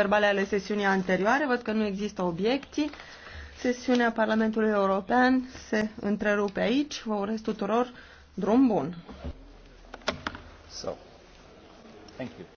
verbale ale sesiunii anterioare. Văd că nu există obiecții. Sesiunea Parlamentului European se întrerupe aici. Vă urez tuturor drum bun! So, thank you.